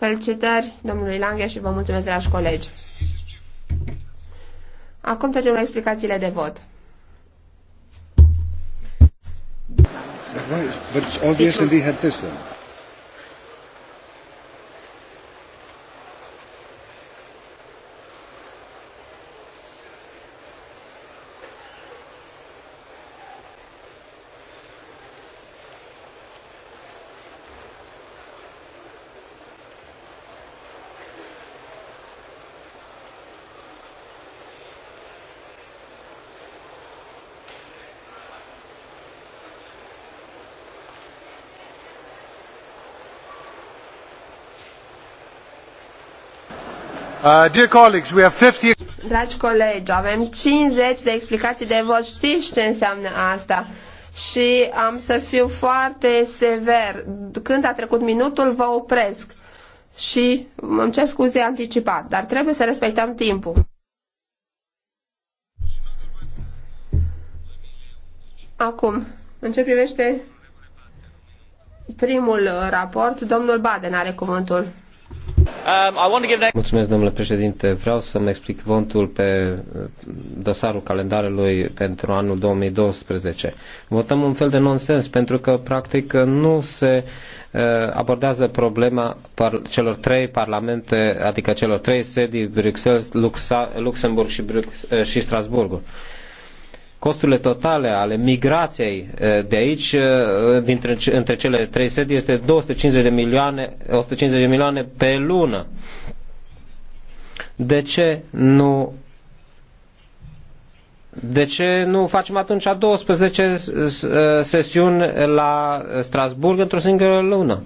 Felicitări domnului Langhe, și vă mulțumesc, dragi colegi. Acum trecem la explicațiile de vot. Right, but obviously had this then. Uh, Dragi colegi, avem 50 de explicații de vot. Știți ce înseamnă asta? Și am să fiu foarte sever. Când a trecut minutul, vă opresc. Și îmi cer scuze anticipat, dar trebuie să respectăm timpul. Acum, în ce privește primul raport, domnul Baden are cuvântul. Um, Mulțumesc, domnule președinte. Vreau să-mi explic votul pe uh, dosarul calendarului pentru anul 2012. Votăm un fel de nonsens pentru că, practic, nu se uh, abordează problema celor trei parlamente, adică celor trei sedii, Bruxelles, Luxemburg și, Brux- uh, și Strasburgul costurile totale ale migrației de aici, dintre, între cele trei sedi, este 250 de milioane, 150 de milioane pe lună. De ce nu de ce nu facem atunci 12 sesiuni la Strasburg într-o singură lună?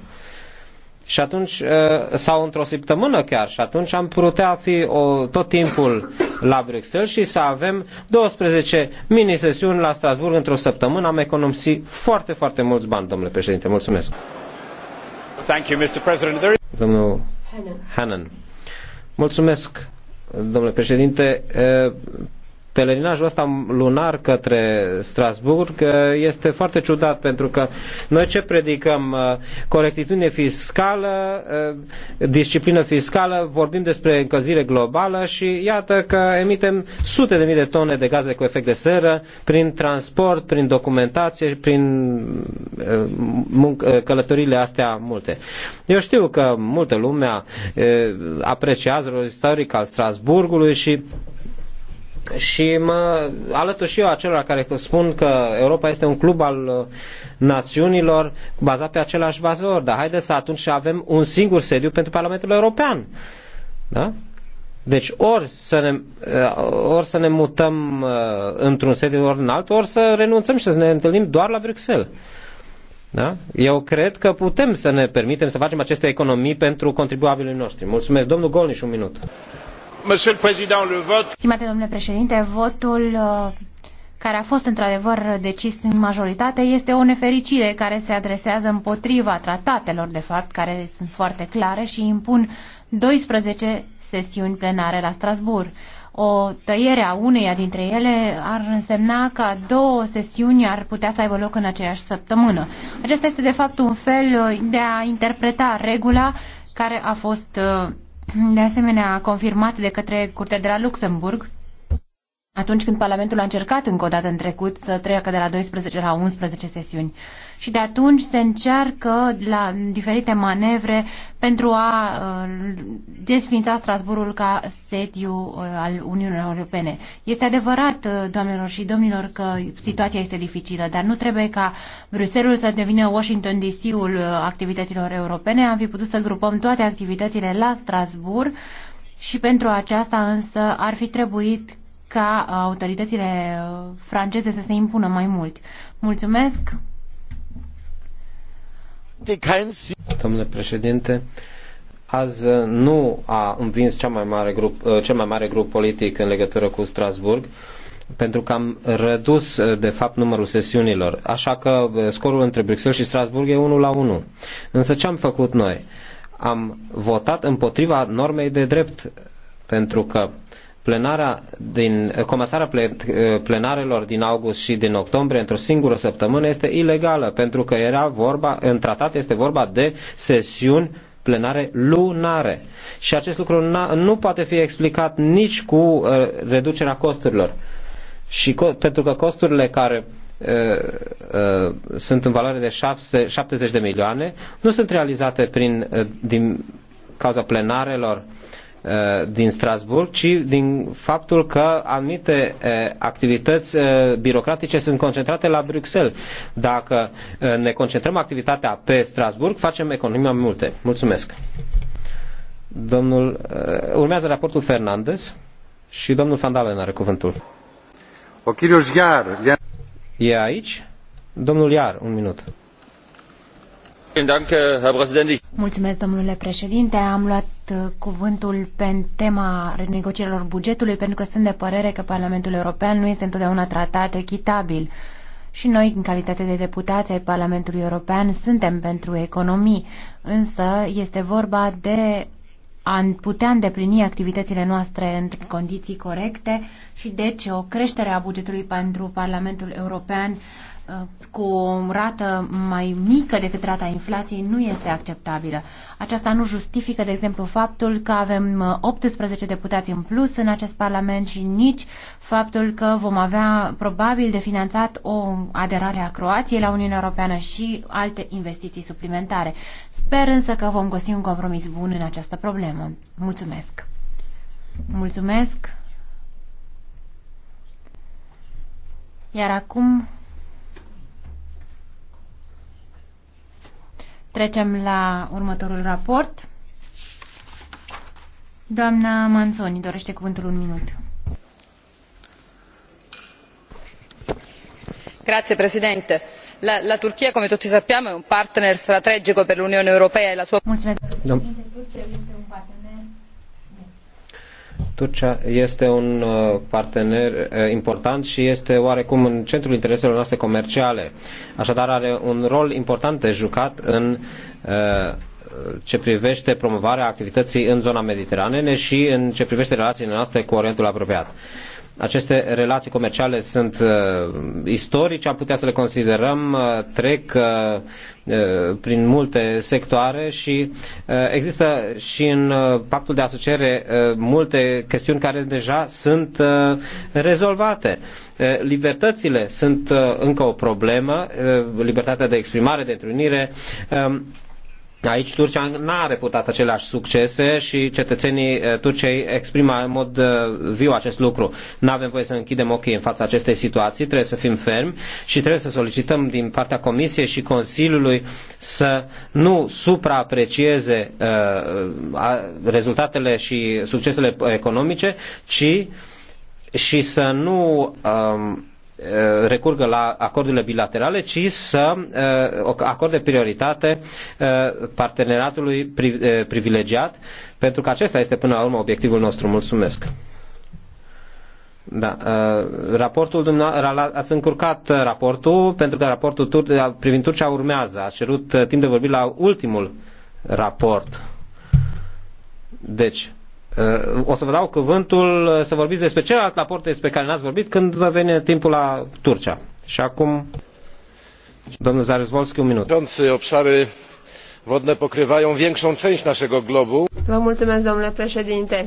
și atunci, uh, sau într-o săptămână chiar, și atunci am putea fi o, tot timpul la Bruxelles și să avem 12 mini-sesiuni la Strasburg într-o săptămână. Am economisit foarte, foarte mulți bani, domnule președinte. Mulțumesc. Thank you, Mr. President. There... Domnul Hannan. Mulțumesc, domnule președinte. Uh, pelerinajul ăsta lunar către Strasburg este foarte ciudat pentru că noi ce predicăm? Corectitudine fiscală, disciplină fiscală, vorbim despre încălzire globală și iată că emitem sute de mii de tone de gaze cu efect de seră prin transport, prin documentație, prin călătorile astea multe. Eu știu că multă lumea apreciază rolul istoric al Strasburgului și și mă alătur și eu acelora care spun că Europa este un club al uh, națiunilor bazat pe același valori, dar haideți să atunci avem un singur sediu pentru Parlamentul European. Da? Deci ori să ne, uh, ori să ne mutăm uh, într-un sediu, ori în altul, ori să renunțăm și să ne întâlnim doar la Bruxelles. Da? Eu cred că putem să ne permitem să facem aceste economii pentru contribuabilii noștri. Mulțumesc. Domnul Golniș, un minut. Stimate domnule președinte, votul uh, care a fost într-adevăr decis în majoritate este o nefericire care se adresează împotriva tratatelor, de fapt, care sunt foarte clare și impun 12 sesiuni plenare la Strasbourg. O tăiere a uneia dintre ele ar însemna că două sesiuni ar putea să aibă loc în aceeași săptămână. Acesta este, de fapt, un fel uh, de a interpreta regula care a fost uh, de asemenea confirmat de către Curtea de la Luxemburg, atunci când Parlamentul a încercat încă o dată în trecut să treacă de la 12 la 11 sesiuni. Și de atunci se încearcă la diferite manevre pentru a uh, desfința Strasburgul ca sediu uh, al Uniunii Europene. Este adevărat, uh, doamnelor și domnilor, că situația este dificilă, dar nu trebuie ca Bruselul să devină Washington DC-ul activităților europene. Am fi putut să grupăm toate activitățile la Strasburg și pentru aceasta însă ar fi trebuit ca uh, autoritățile uh, franceze să se impună mai mult. Mulțumesc! Domnule președinte, azi uh, nu a învins cea mai mare grup, cel mai mare grup politic în legătură cu Strasburg, pentru că am redus, de fapt, numărul sesiunilor. Așa că scorul între Bruxelles și Strasburg e 1 la 1. Însă ce am făcut noi? Am votat împotriva normei de drept, pentru că plenarea din, comasarea plenarelor din august și din octombrie într-o singură săptămână este ilegală, pentru că era vorba, în tratat este vorba de sesiuni plenare lunare. Și acest lucru nu poate fi explicat nici cu uh, reducerea costurilor. Și co- pentru că costurile care uh, uh, sunt în valoare de 70 de milioane, nu sunt realizate prin, uh, din cauza plenarelor Uh, din Strasburg, ci din faptul că anumite uh, activități uh, birocratice sunt concentrate la Bruxelles. Dacă ne concentrăm activitatea pe Strasburg, facem economia mai multe. Mulțumesc. Domnul, urmează raportul Fernandez și domnul Fandalen are cuvântul. O Iar. E aici? Domnul Iar, un minut. Äh, Mulțumesc, domnule președinte. Am luat uh, cuvântul pe tema renegocierilor bugetului pentru că sunt de părere că Parlamentul European nu este întotdeauna tratat echitabil. Și noi, în calitate de deputați ai Parlamentului European, suntem pentru economii, însă este vorba de a putea îndeplini activitățile noastre în condiții corecte și deci o creștere a bugetului pentru Parlamentul European Uh, cu o rată mai mică decât rata inflației nu este acceptabilă. Aceasta nu justifică, de exemplu, faptul că avem 18 uh, deputați în plus în acest Parlament și nici faptul că vom avea probabil de finanțat o aderare a Croației la Uniunea Europeană și alte investiții suplimentare. Sper însă că vom găsi un compromis bun în această problemă. Mulțumesc! Mulțumesc! Iar acum Trecem la următorul raport. Doamna Manzoni dorește cuvântul un minut. Grazie Presidente. La, la Turchia, come tutti sappiamo, è un partner strategico per l'Unione Europea e la sua... Mulțumesc. Domn Turcia este un uh, partener uh, important și este oarecum în centrul intereselor noastre comerciale. Așadar are un rol important de jucat în uh, ce privește promovarea activității în zona mediteranene și în ce privește relațiile noastre cu Orientul apropiat. Aceste relații comerciale sunt uh, istorice, am putea să le considerăm, uh, trec uh, uh, prin multe sectoare și uh, există și în uh, pactul de asociere uh, multe chestiuni care deja sunt uh, rezolvate. Uh, libertățile sunt uh, încă o problemă, uh, libertatea de exprimare, de întrunire. Uh, Aici Turcia n-a reputat aceleași succese și cetățenii eh, Turciei exprimă în mod eh, viu acest lucru. Nu avem voie să închidem ochii în fața acestei situații, trebuie să fim fermi și trebuie să solicităm din partea Comisiei și Consiliului să nu supraaprecieze eh, rezultatele și succesele economice, ci și să nu ehm, Uh, recurgă la acordurile bilaterale, ci să uh, acorde prioritate uh, parteneratului privilegiat, pentru că acesta este până la urmă obiectivul nostru. Mulțumesc! Da. Raportul dumneavoastră, ați încurcat raportul, pentru că raportul tur- privind Turcia urmează. a cerut timp de vorbit la ultimul raport. Deci, Uh, o să vă dau cuvântul uh, să vorbiți despre celălalt raport despre care n-ați vorbit când vă vine timpul la Turcia. Și acum, domnul Volski, un minut. obszary wodne pokrywają większą część naszego globu. Vă mulțumesc, domnule președinte.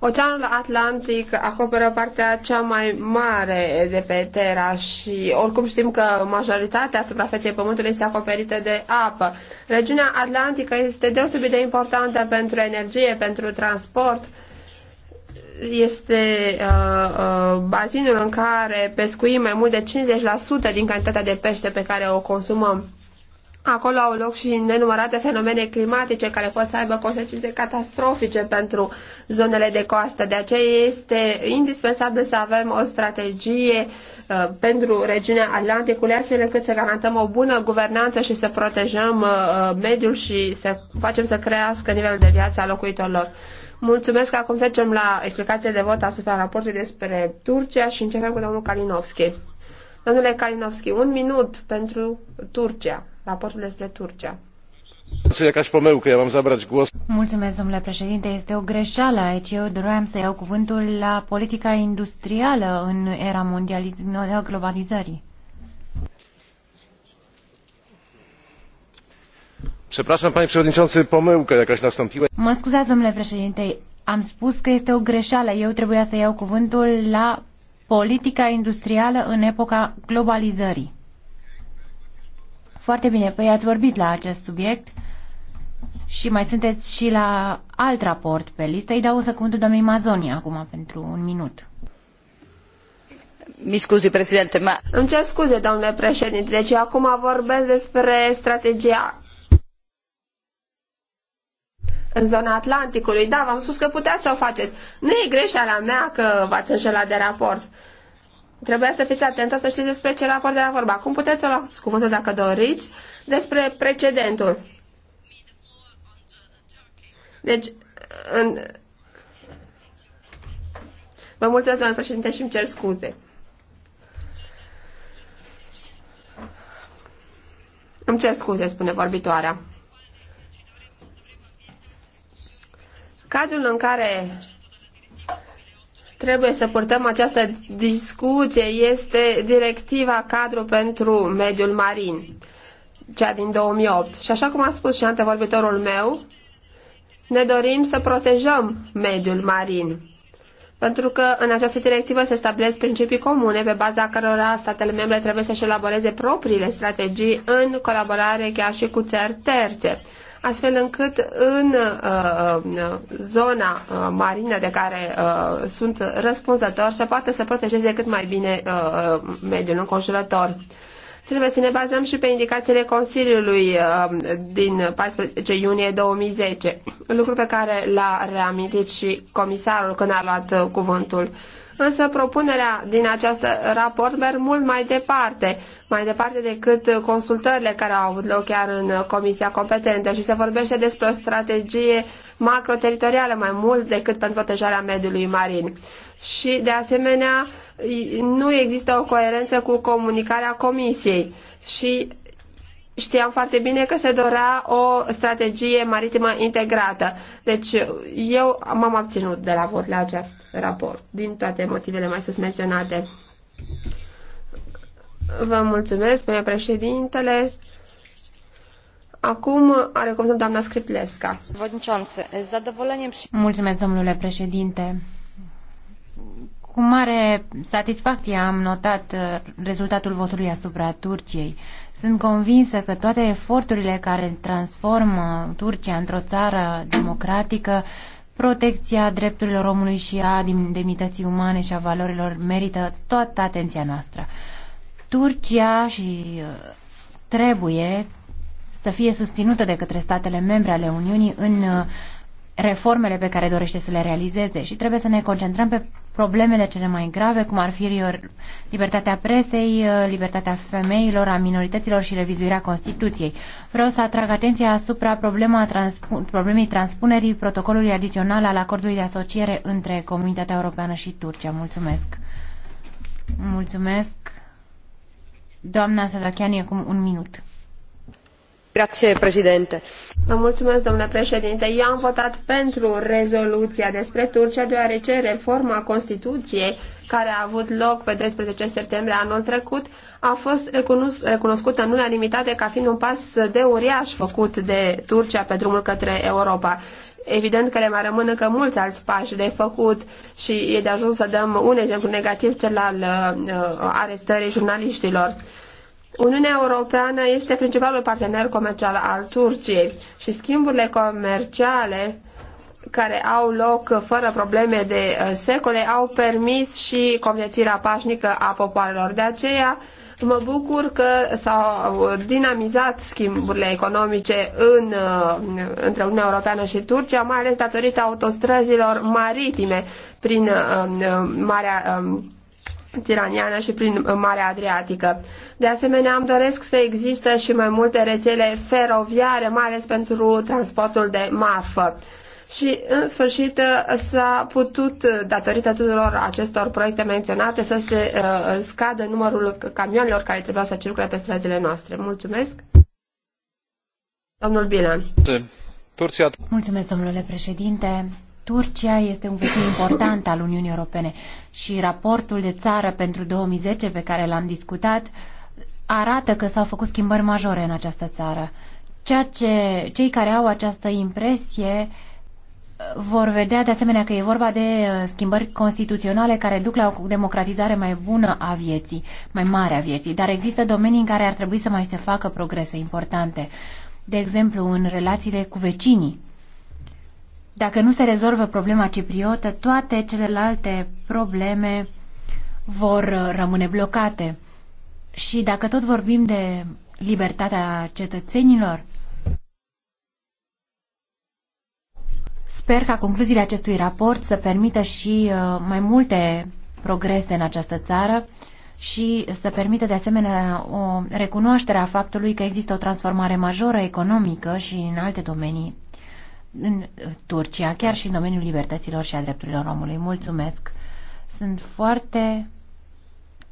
Oceanul Atlantic acoperă partea cea mai mare de pe Terra și oricum știm că majoritatea suprafeței Pământului este acoperită de apă. Regiunea Atlantică este deosebit de importantă pentru energie, pentru transport. Este uh, uh, bazinul în care pescuim mai mult de 50% din cantitatea de pește pe care o consumăm. Acolo au loc și nenumărate fenomene climatice care pot să aibă consecințe catastrofice pentru zonele de coastă. De aceea este indispensabil să avem o strategie uh, pentru regiunea Atlanticului, astfel încât să garantăm o bună guvernanță și să protejăm uh, uh mediul și să facem să crească nivelul de viață al locuitorilor. Mulțumesc. Acum trecem la explicație de vot asupra raportului despre Turcia și începem cu domnul Kalinowski. Domnule Kalinowski, un minut pentru Turcia raportul despre Turcia. Mulțumesc, domnule președinte. Este o greșeală aici. Eu doream să iau cuvântul la politica industrială în era mondializării, globalizării. Mă scuzați, domnule președinte, am spus că este o greșeală. Eu trebuia să iau cuvântul la politica industrială în epoca globalizării. Foarte bine, păi ați vorbit la acest subiect și mai sunteți și la alt raport pe listă. Îi dau să cuvântul doamnei Mazoni acum pentru un minut. Mi scuzi, președinte, ma... Îmi cer scuze, domnule președinte, deci eu acum vorbesc despre strategia în zona Atlanticului. Da, v-am spus că puteți să o faceți. Nu e greșeala mea că v-ați înșelat de raport. Trebuia să fiți atentă să știți despre ce raport la vorba. Cum puteți să luați cuvântul dacă doriți despre precedentul. Deci, în... Vă mulțumesc, doamnă președinte, și îmi cer scuze. Îmi cer scuze, spune vorbitoarea. Cadrul în care trebuie să purtăm această discuție este directiva cadru pentru mediul marin, cea din 2008. Și așa cum a spus și antevorbitorul meu, ne dorim să protejăm mediul marin. Pentru că în această directivă se stabilesc principii comune pe baza cărora statele membre trebuie să-și elaboreze propriile strategii în colaborare chiar și cu țări terțe astfel încât în uh, uh, zona uh, marină de care uh, sunt răspunzători să poată să protejeze cât mai bine uh, uh, mediul înconjurător. Trebuie să ne bazăm și pe indicațiile Consiliului um, din 14 iunie 2010, lucru pe care l-a reamintit și comisarul când a luat uh, cuvântul. Însă propunerea din acest raport merg mult mai departe, mai departe decât uh, consultările care au avut loc chiar în uh, comisia competentă și se vorbește despre o strategie macroteritorială mai mult decât pentru protejarea mediului marin. Și, de asemenea, nu există o coerență cu comunicarea Comisiei și știam foarte bine că se dorea o strategie maritimă integrată. Deci eu m-am abținut de la vot la acest raport, din toate motivele mai sus menționate. Vă mulțumesc, spune președintele. Acum are cuvântul doamna Scriplevska. Mulțumesc, domnule președinte. Cu mare satisfacție am notat uh, rezultatul votului asupra Turciei. Sunt convinsă că toate eforturile care transformă Turcia într-o țară democratică, protecția drepturilor omului și a demnității umane și a valorilor merită toată atenția noastră. Turcia și uh, trebuie să fie susținută de către statele membre ale Uniunii în uh, reformele pe care dorește să le realizeze și trebuie să ne concentrăm pe problemele cele mai grave, cum ar fi libertatea presei, uh, libertatea femeilor, a minorităților și revizuirea Constituției. Vreau să atrag atenția asupra problema transpu- problemei transpunerii protocolului adițional al acordului de asociere între Comunitatea Europeană și Turcia. Mulțumesc! Mulțumesc! Doamna Sadachian, acum un minut eu am votat pentru rezoluția despre turcia deoarece reforma constituției care a avut loc pe 12 septembrie anul trecut a fost recunoscută în unanimitate ca fiind un pas de uriaș făcut de Turcia pe drumul către Europa. Evident că le mai rămân încă mulți alți pași de făcut și e de ajuns să dăm un exemplu negativ cel al uh, uh, arestării jurnaliștilor. Uniunea Europeană este principalul partener comercial al Turciei și schimburile comerciale care au loc fără probleme de uh, secole au permis și conviețuirea pașnică a popoarelor. De aceea mă bucur că s-au dinamizat schimburile economice în, uh, între Uniunea Europeană și Turcia, mai ales datorită autostrăzilor maritime prin uh, Marea um, tiraniană și prin Marea Adriatică. De asemenea, îmi doresc să există și mai multe rețele feroviare, mai ales pentru transportul de marfă. Și, în sfârșit, s-a putut, datorită tuturor acestor proiecte menționate, să se uh, scadă numărul camioanelor care trebuiau să circule pe străzile noastre. Mulțumesc! Domnul Bilan. Mulțumesc, domnule președinte. Turcia este un vecin important al Uniunii Europene și raportul de țară pentru 2010 pe care l-am discutat arată că s-au făcut schimbări majore în această țară. Ceea ce cei care au această impresie uh, vor vedea de asemenea că e vorba de uh, schimbări constituționale care duc la o democratizare mai bună a vieții, mai mare a vieții, dar există domenii în care ar trebui să mai se facă progrese importante. De exemplu, în relațiile cu vecinii dacă nu se rezolvă problema cipriotă, toate celelalte probleme vor uh, rămâne blocate. Și dacă tot vorbim de libertatea cetățenilor, sper ca concluziile acestui raport să permită și uh, mai multe progrese în această țară și să permită de asemenea o recunoaștere a faptului că există o transformare majoră economică și în alte domenii în Turcia, chiar și în domeniul libertăților și a drepturilor omului. Mulțumesc! Sunt foarte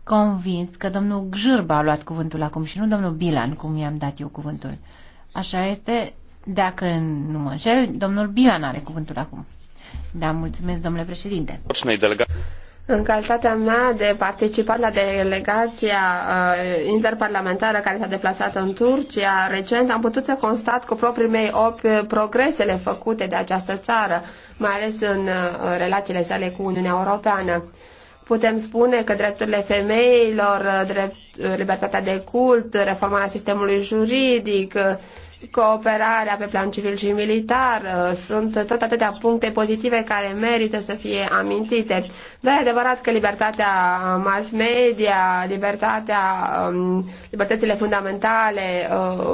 convins că domnul Gjârba a luat cuvântul acum și nu domnul Bilan, cum i-am dat eu cuvântul. Așa este, dacă nu mă înșel, domnul Bilan are cuvântul acum. Da, mulțumesc, domnule președinte. În calitatea mea de participat la delegația uh, interparlamentară care s-a deplasat în Turcia recent, am putut să constat cu proprii mei ochi uh, progresele făcute de această țară, mai ales în uh, relațiile sale cu Uniunea Europeană. Putem spune că drepturile femeilor, uh, drept, uh, libertatea de cult, reforma sistemului juridic, uh, cooperarea pe plan civil și militar. Uh, sunt tot atâtea puncte pozitive care merită să fie amintite. Dar e adevărat că libertatea mass media, libertatea, um, libertățile fundamentale uh,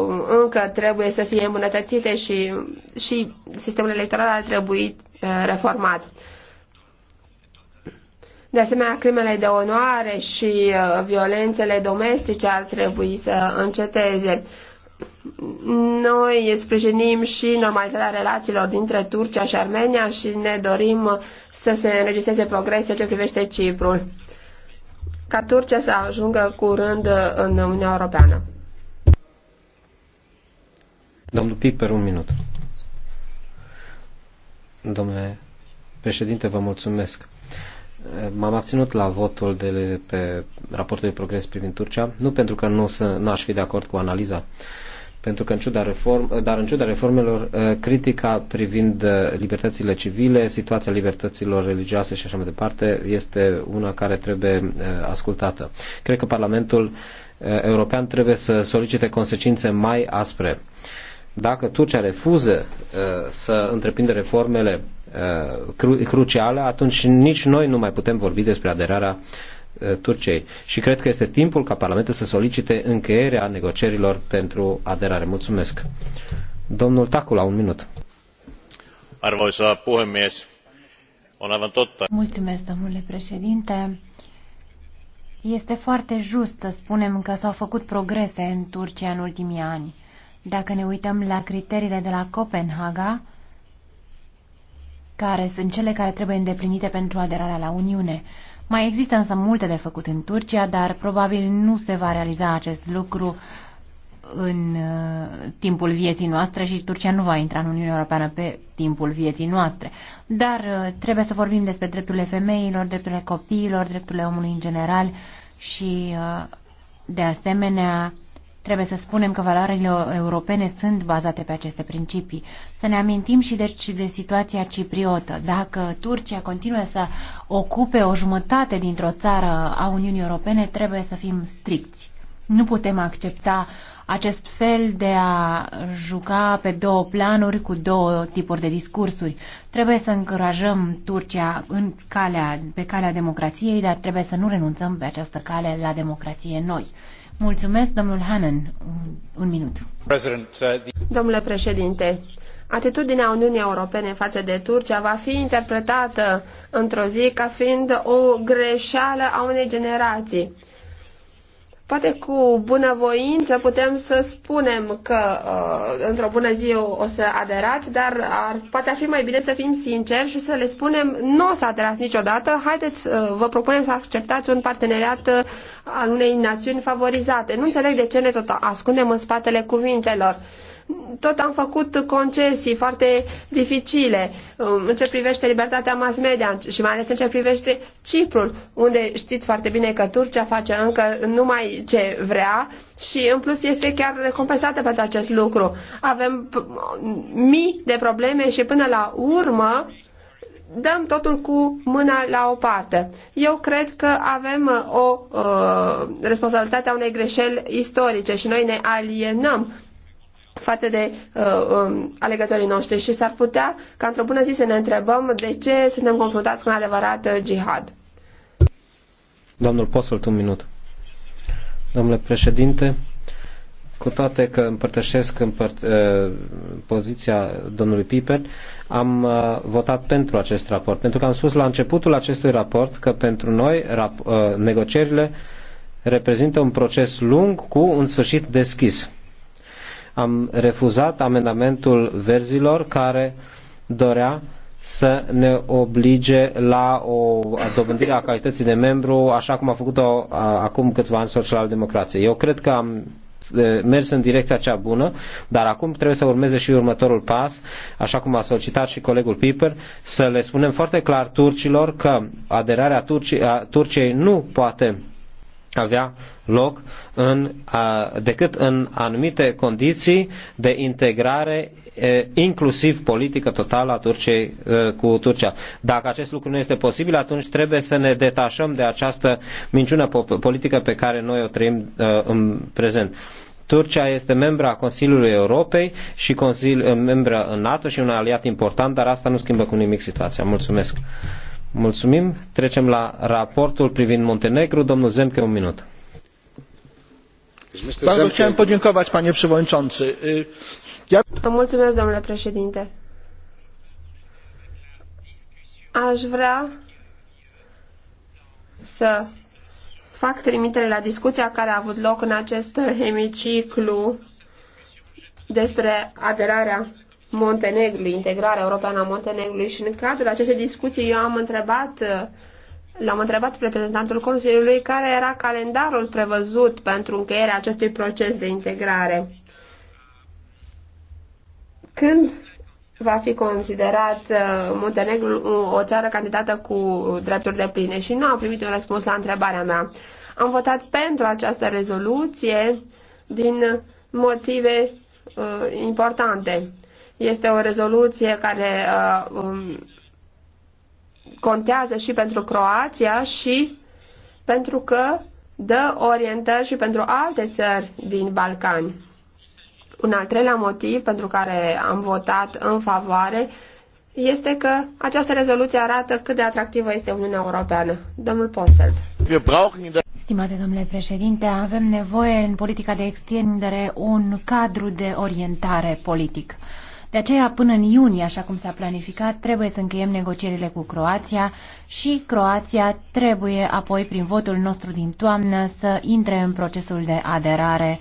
încă trebuie să fie îmbunătățite și, și sistemul electoral ar trebui uh, reformat. De asemenea, crimele de onoare și violențele domestice ar trebui să înceteze. Noi sprijinim și normalizarea relațiilor dintre Turcia și Armenia și ne dorim să se înregistreze progrese ce privește Ciprul, ca Turcia să ajungă curând în Uniunea Europeană. Domnul Piper, un minut. Domnule președinte, vă mulțumesc. M-am abținut la votul de pe raportul de progres privind Turcia, nu pentru că nu, să, nu aș fi de acord cu analiza, pentru că în ciuda reform, dar în ciuda reformelor, uh, critica privind uh, libertățile civile, situația libertăților religioase și așa mai departe, este una care trebuie uh, ascultată. Cred că Parlamentul European trebuie să solicite consecințe mai aspre. Dacă Turcia refuză să întreprinde reformele cruciale, atunci nici noi nu mai putem vorbi despre aderarea Eh, Turciei. Și cred că este timpul ca Parlamentul să solicite încheierea negocierilor pentru aderare. Mulțumesc. Domnul Tacula, un minut. Arvoisa puhemies, on aivan totta. Mulțumesc, domnule președinte. Este foarte just să spunem că s-au făcut progrese în Turcia în ultimii ani. Dacă ne uităm la criteriile de la Copenhaga, care sunt cele care trebuie îndeplinite pentru aderarea la Uniune. Mai există însă multe de făcut în Turcia, dar probabil nu se va realiza acest lucru în uh, timpul vieții noastre și Turcia nu va intra în Uniunea Europeană pe timpul vieții noastre. Dar uh, trebuie să vorbim despre drepturile femeilor, drepturile copiilor, drepturile omului în general și uh, de asemenea Trebuie să spunem că valoarele europene sunt bazate pe aceste principii. Să ne amintim și și de situația cipriotă. Dacă Turcia continuă să ocupe o jumătate dintr-o țară a Uniunii Europene, trebuie să fim stricți. Nu putem accepta acest fel de a juca pe două planuri cu două tipuri de discursuri. Trebuie să încurajăm Turcia în calea, pe calea democrației, dar trebuie să nu renunțăm pe această cale la democrație noi. Mulțumesc, Un minut. Uh, Domnule președinte, atitudinea Uniunii Europene față de Turcia va fi interpretată într-o zi ca fiind o greșeală a unei generații Poate cu bunăvoință putem să spunem că uh, într-o bună zi o să aderați, dar ar, poate ar fi mai bine să fim sinceri și să le spunem nu o să aderați niciodată, haideți, uh, vă propunem să acceptați un parteneriat uh, al unei națiuni favorizate. Nu înțeleg de ce ne tot ascundem în spatele cuvintelor. Uh, tot am făcut concesii foarte dificile um, în ce privește libertatea mass media și mai ales în ce privește Ciprul, unde știți foarte bine că Turcia face încă numai ce vrea și în plus este chiar recompensată pentru acest lucru. Avem mii de probleme și până la urmă dăm totul cu mâna la o parte. Eu cred că avem uh, o uh, responsabilitate a unei greșeli istorice și noi ne alienăm față de uh, um, alegătorii noștri și s-ar putea ca într-o bună zi să ne întrebăm de ce suntem confruntați cu un adevărat uh, jihad. Domnul postul un minut. Domnule președinte, cu toate că împărtășesc împărt, uh, poziția domnului Piper, am uh, votat pentru acest raport. Pentru că am spus la începutul acestui raport că pentru noi rap, uh, negocierile reprezintă un proces lung cu un sfârșit deschis am refuzat amendamentul verzilor care dorea să ne oblige la o dobândire a calității de membru, așa cum a făcut-o acum câțiva ani social-democrație. Eu cred că am mers în direcția cea bună, dar acum trebuie să urmeze și următorul pas, așa cum a solicitat și colegul Piper, să le spunem foarte clar turcilor că aderarea Turci- Turciei nu poate avea loc în, a, decât în anumite condiții de integrare e, inclusiv politică totală a Turciei e, cu Turcia. Dacă acest lucru nu este posibil, atunci trebuie să ne detașăm de această minciună politică pe care noi o trăim e, în prezent. Turcia este membra a Consiliului Europei și Consiliul membra în NATO și un aliat important, dar asta nu schimbă cu nimic situația. Mulțumesc. Mulțumim. Trecem la raportul privind Montenegru. Domnul Zemke, un minut. Deci Bardzo chciałem podziękować, panie przewodniczący. Mulțumesc, domnule președinte. Aș vrea să fac trimitere la discuția care a avut loc în acest hemiciclu despre aderarea Montenegrului, integrarea europeană a Montenegrului și în cadrul acestei discuții eu am întrebat L-am întrebat reprezentantul Consiliului care era calendarul prevăzut pentru încheierea acestui proces de integrare. Când va fi considerat uh, Muntenegru o țară candidată cu drepturi de pline și nu am primit un răspuns la întrebarea mea. Am votat pentru această rezoluție din motive uh, importante. Este o rezoluție care uh, um, contează și pentru Croația și pentru că dă orientări și pentru alte țări din Balcani. Un al treilea motiv pentru care am votat în favoare este că această rezoluție arată cât de atractivă este Uniunea Europeană. Domnul Posselt. Stimate domnule președinte, avem nevoie în politica de extindere un cadru de orientare politic. De aceea, până în iunie, așa cum s-a planificat, trebuie să încheiem negocierile cu Croația și Croația trebuie apoi, prin votul nostru din toamnă, să intre în procesul de aderare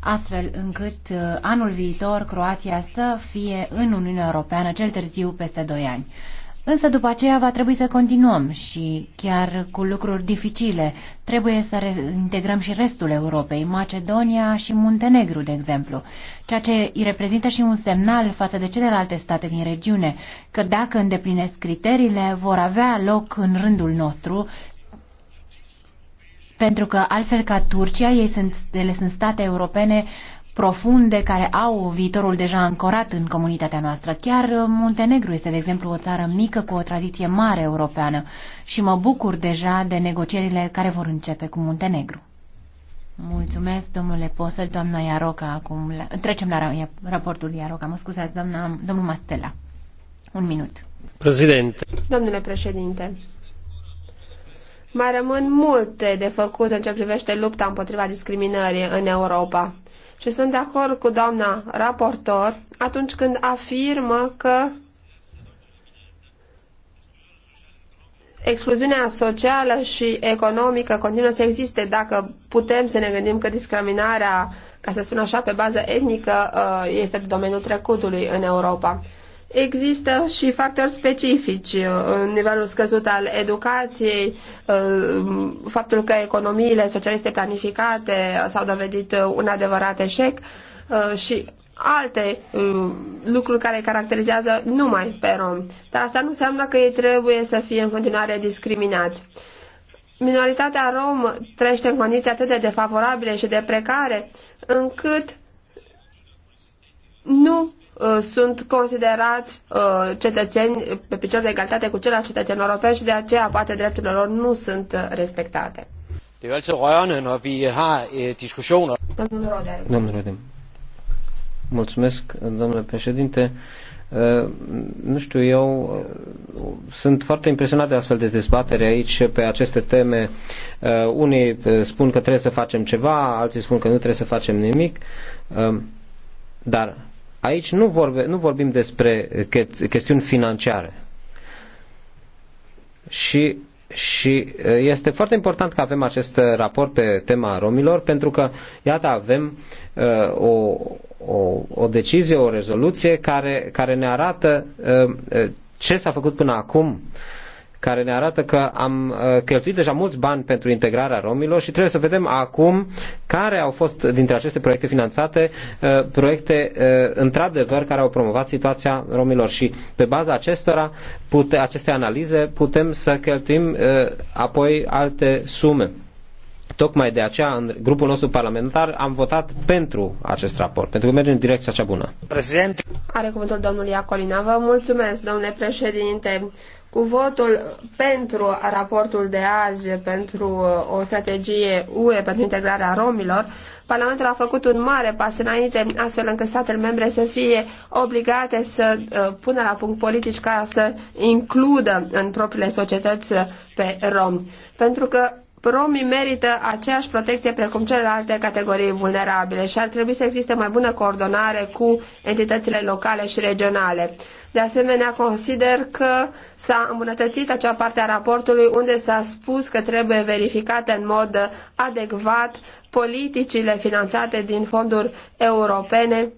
astfel încât uh, anul viitor Croația să fie în Uniunea Europeană cel târziu peste 2 ani. Însă după aceea va trebui să continuăm și chiar cu lucruri dificile. Trebuie să integrăm și restul Europei, Macedonia și Muntenegru, de exemplu, ceea ce îi reprezintă și un semnal față de celelalte state din regiune, că dacă îndeplinesc criteriile, vor avea loc în rândul nostru pentru că altfel ca Turcia, ei sunt, ele sunt state europene profunde care au viitorul deja ancorat în comunitatea noastră. Chiar uh, Muntenegru este, de exemplu, o țară mică cu o tradiție mare europeană și mă bucur deja de negocierile care vor începe cu Muntenegru. Mulțumesc, domnule Posel, doamna Iaroca. Acum la... Trecem la raportul Iaroca. Mă scuzați, doamna, domnul Mastela. Un minut. Președinte. Domnule președinte, mai rămân multe de făcut în ce privește lupta împotriva discriminării în Europa și sunt de acord cu doamna raportor atunci când afirmă că excluziunea socială și economică continuă să existe dacă putem să ne gândim că discriminarea, ca să spun așa, pe bază etnică uh, este de domeniul trecutului în Europa. Există și factori specifici, uh, nivelul scăzut al educației, uh, faptul că economiile socialiste planificate s-au dovedit uh, un adevărat eșec și alte lucruri care caracterizează numai pe rom. Dar asta nu înseamnă că ei trebuie să fie în continuare discriminați. Minoritatea rom trăiește în condiții atât de defavorabile și de precare încât nu Uh, sunt considerați uh, cetățeni pe picior de egalitate cu ceilalți cetățeni europeni și de aceea poate drepturile lor nu sunt uh, respectate. Det er altid rørende, når vi har eh, diskussioner. Domnul Rodem. Mulțumesc, domnule președinte. Nu știu, eu sunt foarte impresionat de astfel de dezbatere aici pe aceste teme. Unii spun că trebuie să facem ceva, alții spun că nu trebuie să facem nimic. Dar Aici nu, vorbe, nu vorbim despre chestiuni financiare. Și, și este foarte important că avem acest raport pe tema romilor, pentru că, iată, avem uh, o, o, o decizie, o rezoluție care, care ne arată uh, ce s-a făcut până acum uh, care ne arată că am uh, cheltuit deja mulți bani pentru integrarea romilor și trebuie să vedem acum care au fost dintre aceste proiecte finanțate, uh, proiecte uh, într-adevăr care au promovat situația romilor și pe baza acestora, pute, aceste analize, putem să cheltuim apoi alte sume. Tocmai de aceea, în grupul nostru parlamentar, am votat pentru acest raport, pentru că mergem în direcția cea bună. Prezident. Are cuvântul domnul Iacolina. Vă mulțumesc, domnule președinte cu votul pentru raportul de azi, pentru uh, o strategie UE pentru integrarea romilor, Parlamentul a făcut un mare pas înainte, astfel încât statele membre să fie obligate să uh, pună la punct politici ca să includă în propriile societăți pe romi. Pentru că Romii merită aceeași protecție precum celelalte categorii vulnerabile și ar trebui să existe mai bună coordonare cu entitățile locale și regionale. De asemenea, consider că s-a îmbunătățit acea parte a raportului unde s-a spus că trebuie verificate în mod adecvat politicile finanțate din fonduri europene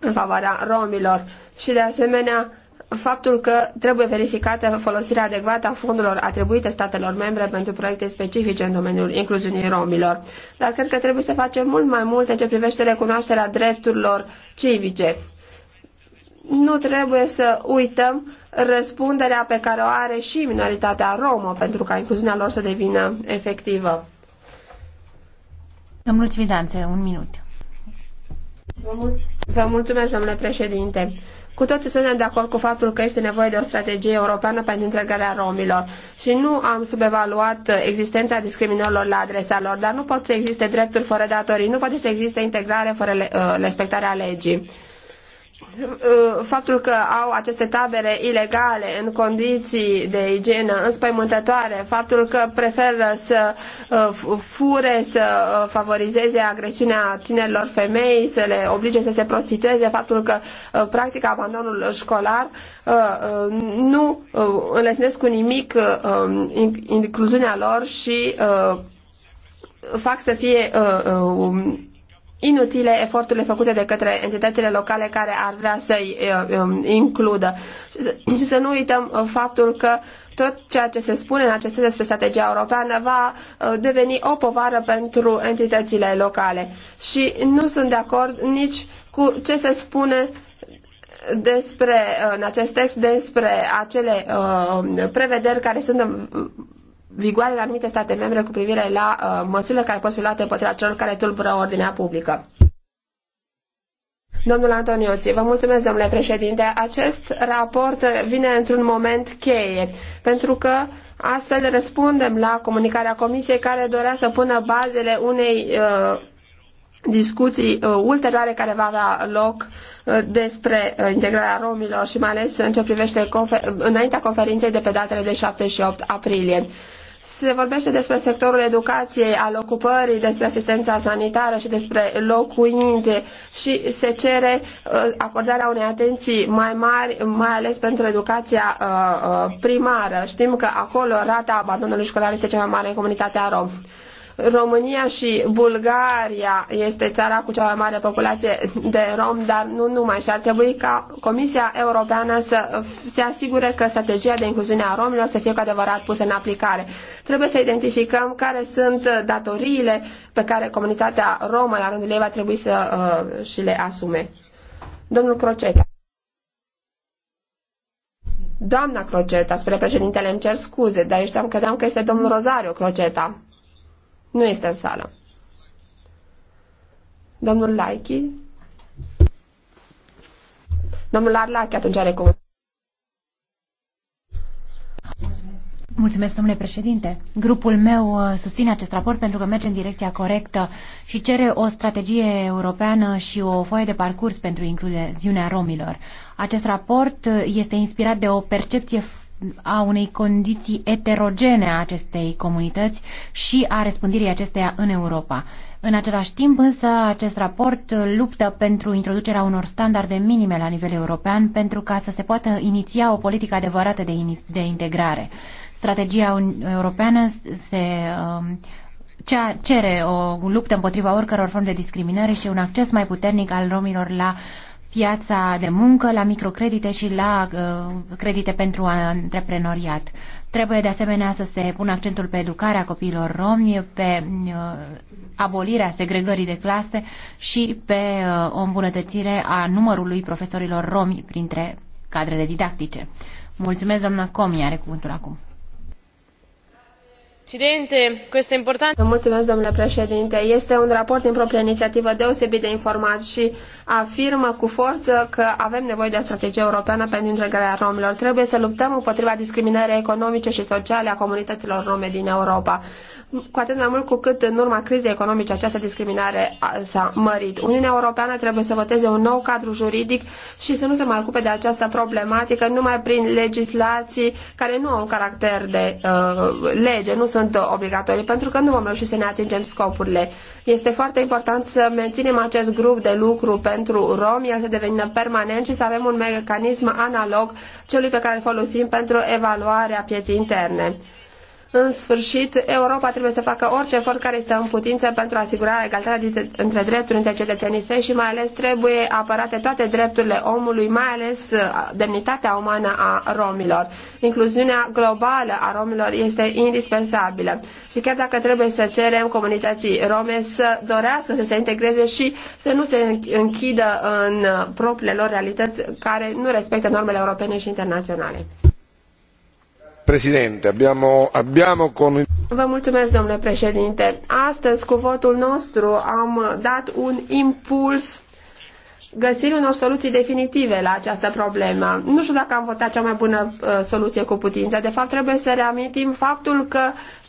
în favoarea romilor. Și de asemenea, faptul că trebuie verificată folosirea adecvată a fondurilor atribuite statelor membre pentru proiecte specifice în domeniul incluziunii romilor. Dar cred că trebuie să facem mult mai mult în ce privește recunoașterea drepturilor civice. Nu trebuie să uităm răspunderea pe care o are și minoritatea romă pentru ca incluziunea lor să devină efectivă. Domnul Cividanțe, un minut. Vă mulțumesc, domnule președinte. Cu toții suntem de acord cu faptul că este nevoie de o strategie europeană pentru întregarea romilor și nu am subevaluat existența discriminărilor la adresa lor, dar nu pot să existe drepturi fără datorii, nu poate să existe integrare fără uh, respectarea legii. Uh, faptul că au aceste tabere ilegale în condiții de igienă înspăimântătoare, faptul că preferă să uh, fure, să uh, favorizeze agresiunea tinerilor femei, să le oblige să se prostitueze, faptul că practică abandonul școlar nu înlesnesc cu nimic um, incluziunea lor și fac să fie uh, inutile eforturile făcute de către entitățile locale care ar vrea să-i uh, um, includă. Și să nu uităm uh, faptul că tot ceea ce se spune în aceste despre strategia europeană va uh, deveni o povară pentru entitățile locale. Și nu sunt de acord nici cu ce se spune despre, în acest text despre acele uh, prevederi care sunt vigoare în anumite state membre cu privire la uh, măsurile care pot fi luate împotriva celor care tulbură ordinea publică. Domnul Antonioți, vă mulțumesc, domnule președinte. Acest raport vine într-un moment cheie, pentru că astfel răspundem la comunicarea Comisiei care dorea să pună bazele unei uh, discuții uh, ulterioare care va avea loc uh, despre uh, integrarea romilor și mai ales în ce privește confer- înaintea conferinței de pe datele de 7 și 8 aprilie. Se vorbește despre sectorul educației, al ocupării, despre asistența sanitară și despre locuințe și se cere uh, acordarea unei atenții mai mari, mai ales pentru educația uh, uh, primară. Știm că acolo rata abandonului școlar este cea mai mare în comunitatea rom. România și Bulgaria este țara cu cea mai mare populație de rom, dar nu numai. Și ar trebui ca Comisia Europeană să se asigure că strategia de incluziune a romilor să fie cu adevărat pusă în aplicare. Trebuie să identificăm care sunt datoriile pe care comunitatea romă la rândul ei va trebui să uh, și le asume. Domnul Croceta. Doamna Croceta, spre președintele, îmi cer scuze, dar eu știam, credeam că este domnul Rosario Croceta. Nu este în sală. Domnul Laichi? Domnul Arlachi atunci are cum. Mulțumesc, domnule președinte. Grupul meu uh, susține acest raport pentru că merge în direcția corectă și cere o strategie europeană și o foaie de parcurs pentru incluziunea romilor. Acest raport uh, este inspirat de o percepție a unei condiții eterogene a acestei comunități și a răspândirii acesteia în Europa. În același timp, însă, acest raport luptă pentru introducerea unor standarde minime la nivel european pentru ca să se poată iniția o politică adevărată de, in- de integrare. Strategia europeană se um, cea, cere o luptă împotriva oricăror forme de discriminare și un acces mai puternic al romilor la piața de muncă, la microcredite și la uh, credite pentru antreprenoriat. Trebuie de asemenea să se pună accentul pe educarea copiilor romi, pe uh, abolirea segregării de clase și pe uh, o îmbunătățire a numărului profesorilor romi printre cadrele didactice. Mulțumesc, doamna Comi, are cuvântul acum. Mulțumesc, domnule președinte. Este un raport din proprie inițiativă deosebit de informat și afirmă cu forță că avem nevoie de o strategie europeană pentru integrarea romilor. Trebuie să luptăm împotriva discriminării economice și sociale a comunităților rome din Europa. Cu atât mai mult cu cât în urma crizei economice această discriminare s-a mărit. Uniunea Europeană trebuie să voteze un nou cadru juridic și să nu se mai ocupe de această problematică numai prin legislații care nu au un caracter de uh, lege, nu sunt obligatorii, pentru că nu vom reuși să ne atingem scopurile. Este foarte important să menținem acest grup de lucru pentru romi, el să devină permanent și să avem un mecanism analog celui pe care îl folosim pentru evaluarea pieței interne. În sfârșit, Europa trebuie să facă orice efort care este în putință pentru a asigura egalitatea între drepturi între cetățenii săi și mai ales trebuie apărate toate drepturile omului, mai ales uh, demnitatea umană a romilor. Incluziunea globală a romilor este indispensabilă și chiar dacă trebuie să cerem comunității rome să dorească să se integreze și să nu se închidă în uh, propriile lor realități care nu respectă normele europene și internaționale. Președinte, abbiamo, abbiamo con... Vă mulțumesc, domnule președinte. Astăzi, cu votul nostru, am dat un impuls găsirii unor soluții definitive la această problemă. Nu știu dacă am votat cea mai bună uh, soluție cu putință. De fapt, trebuie să reamintim faptul că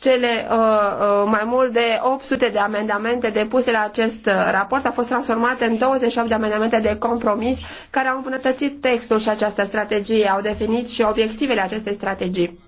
cele uh, uh, mai mult de 800 de amendamente depuse la acest uh, raport au fost transformate în 28 de amendamente de compromis care au îmbunătățit textul și această strategie, au definit și obiectivele acestei strategii.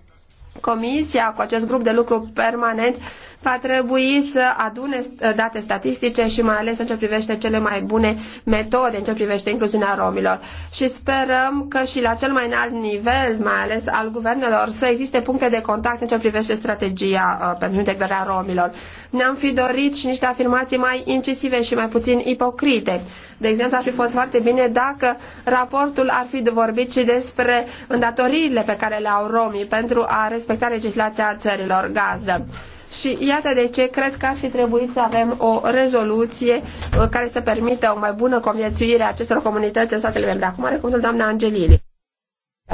Comisia, cu acest grup de lucru permanent, va trebui să adune date statistice și mai ales în ce privește cele mai bune metode, în ce privește incluziunea romilor. Și sperăm că și la cel mai înalt nivel, mai ales al guvernelor, să existe puncte de contact în ce privește strategia uh, pentru integrarea romilor. Ne-am fi dorit și niște afirmații mai incisive și mai puțin ipocrite. De exemplu, ar fi fost foarte bine dacă raportul ar fi vorbit și despre îndatoririle pe care le au romii pentru a respecta legislația țărilor gazdă. Și iată de ce cred că ar fi trebuit să avem o rezoluție uh, care să permită o mai bună conviețuire a acestor comunități în statele membre. Acum are cuvântul doamna Angelili.